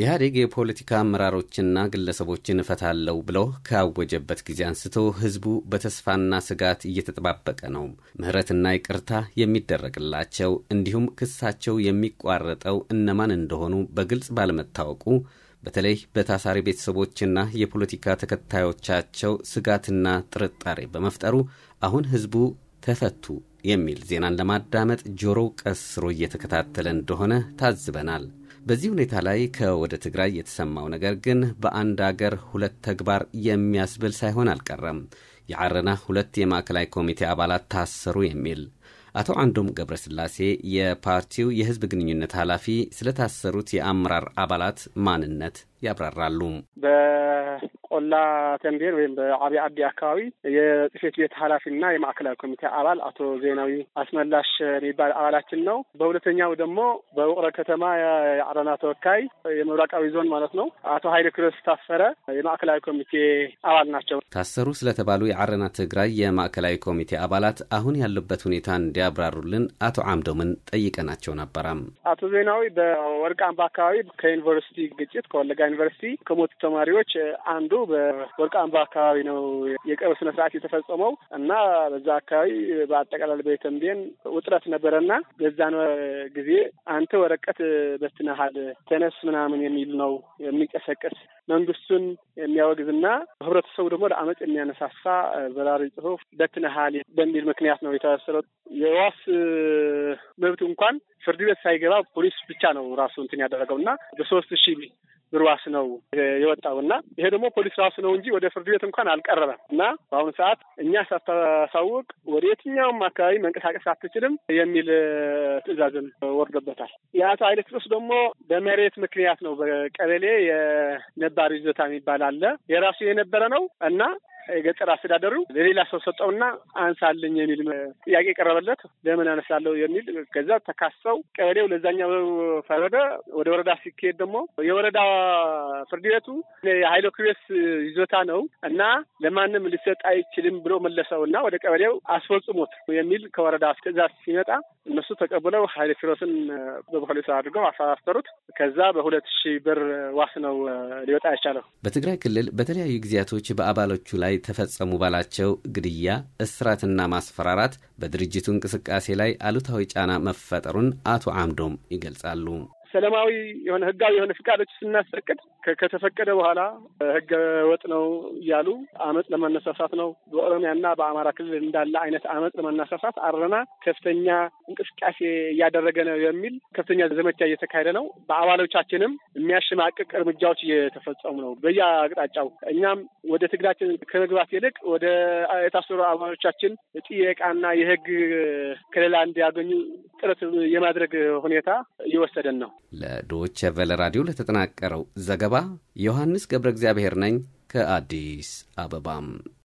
ኢህአዴግ የፖለቲካ አመራሮችና ግለሰቦችን እፈታለሁ ብሎ ካወጀበት ጊዜ አንስቶ ህዝቡ በተስፋና ስጋት እየተጠባበቀ ነው። ምህረትና ይቅርታ የሚደረግላቸው እንዲሁም ክሳቸው የሚቋረጠው እነማን እንደሆኑ በግልጽ ባለመታወቁ በተለይ በታሳሪ ቤተሰቦችና የፖለቲካ ተከታዮቻቸው ስጋትና ጥርጣሬ በመፍጠሩ አሁን ህዝቡ ተፈቱ የሚል ዜናን ለማዳመጥ ጆሮው ቀስሮ እየተከታተለ እንደሆነ ታዝበናል። በዚህ ሁኔታ ላይ ከወደ ትግራይ የተሰማው ነገር ግን በአንድ አገር ሁለት ተግባር የሚያስብል ሳይሆን አልቀረም። የዓረና ሁለት የማዕከላዊ ኮሚቴ አባላት ታሰሩ የሚል አቶ አንዶም ገብረስላሴ የፓርቲው የህዝብ ግንኙነት ኃላፊ ስለታሰሩት የአመራር አባላት ማንነት ያብራራሉ። በቆላ ተንቤን ወይም በአቢ አዲ አካባቢ የጽህፈት ቤት ኃላፊና የማዕከላዊ ኮሚቴ አባል አቶ ዜናዊ አስመላሽ የሚባል አባላችን ነው። በሁለተኛው ደግሞ በውቅረ ከተማ የአረና ተወካይ የምብራቃዊ ዞን ማለት ነው አቶ ሀይለ ክሮስ ታፈረ የማዕከላዊ ኮሚቴ አባል ናቸው። ታሰሩ ስለተባሉ የአረና ትግራይ የማዕከላዊ ኮሚቴ አባላት አሁን ያሉበት ሁኔታ እንዲያብራሩልን አቶ አምዶምን ጠይቀናቸው ነበራም። አቶ ዜናዊ በወርቅ አምባ አካባቢ ከዩኒቨርሲቲ ግጭት ከወለጋ ዩኒቨርሲቲ ከሞቱ ተማሪዎች አንዱ በወርቅ አምባ አካባቢ ነው የቀብር ስነ ስርዓት የተፈጸመው እና በዛ አካባቢ በአጠቃላይ በተንቤን ውጥረት ነበረና በዛን ጊዜ አንተ ወረቀት በትነሃል ተነስ ምናምን የሚል ነው የሚቀሰቅስ መንግስቱን የሚያወግዝና ህብረተሰቡ ደግሞ ለአመፅ የሚያነሳሳ በራሪ ጽሁፍ በትነሃል በሚል ምክንያት ነው የታሰረው። የዋስ መብት እንኳን ፍርድ ቤት ሳይገባ ፖሊስ ብቻ ነው ራሱ እንትን ያደረገው እና በሶስት ሺህ ብርዋስ ነው የወጣው እና ይሄ ደግሞ ፖሊስ ራሱ ነው እንጂ ወደ ፍርድ ቤት እንኳን አልቀረበም እና በአሁኑ ሰዓት እኛ ሳታሳውቅ ወደ የትኛውም አካባቢ መንቀሳቀስ አትችልም የሚል ትዕዛዝን ወርዶበታል። የአቶ ኃይለ ክርስቶስ ደግሞ በመሬት ምክንያት ነው። በቀበሌ የነባር ይዞታ የሚባል አለ የራሱ የነበረ ነው እና የገጠር አስተዳደሩ ለሌላ ሰው ሰጠውና አንሳልኝ የሚል ጥያቄ ቀረበለት። ለምን አነሳለሁ የሚል ከዛ ተካሰው ቀበሌው ለዛኛው ፈረደ። ወደ ወረዳ ሲካሄድ ደግሞ የወረዳ ፍርድ ቤቱ የሀይሎ ክቤስ ይዞታ ነው እና ለማንም ሊሰጥ አይችልም ብሎ መለሰው እና ወደ ቀበሌው አስፈጽሞት የሚል ከወረዳ ትእዛዝ ሲመጣ እነሱ ተቀብለው ሀይለ ኪሮስን በፖሊስ አድርገው አሳሰሩት። ከዛ በሁለት ሺህ ብር ዋስ ነው ሊወጣ አይቻለው። በትግራይ ክልል በተለያዩ ጊዜያቶች በአባሎቹ ላይ ላይ ተፈጸሙ ባላቸው ግድያ፣ እስራትና ማስፈራራት በድርጅቱ እንቅስቃሴ ላይ አሉታዊ ጫና መፈጠሩን አቶ አምዶም ይገልጻሉ። ሰላማዊ የሆነ ህጋዊ የሆነ ፍቃዶች ስናስፈቅድ ከተፈቀደ በኋላ ህገ ወጥ ነው እያሉ አመፅ ለመነሳሳት ነው በኦሮሚያና በአማራ ክልል እንዳለ አይነት አመፅ ለመነሳሳት አረና ከፍተኛ እንቅስቃሴ እያደረገ ነው የሚል ከፍተኛ ዘመቻ እየተካሄደ ነው። በአባሎቻችንም የሚያሸማቅቅ እርምጃዎች እየተፈጸሙ ነው በየአቅጣጫው። እኛም ወደ ትግላችን ከመግባት ይልቅ ወደ የታሰሩ አባሎቻችን ጥየቃና የህግ ከለላ እንዲያገኙ ጥረት የማድረግ ሁኔታ እየወሰደን ነው። ለዶች ቨለ ራዲዮ ለተጠናቀረው ዘገባ ዮሐንስ ገብረ እግዚአብሔር ነኝ ከአዲስ አበባም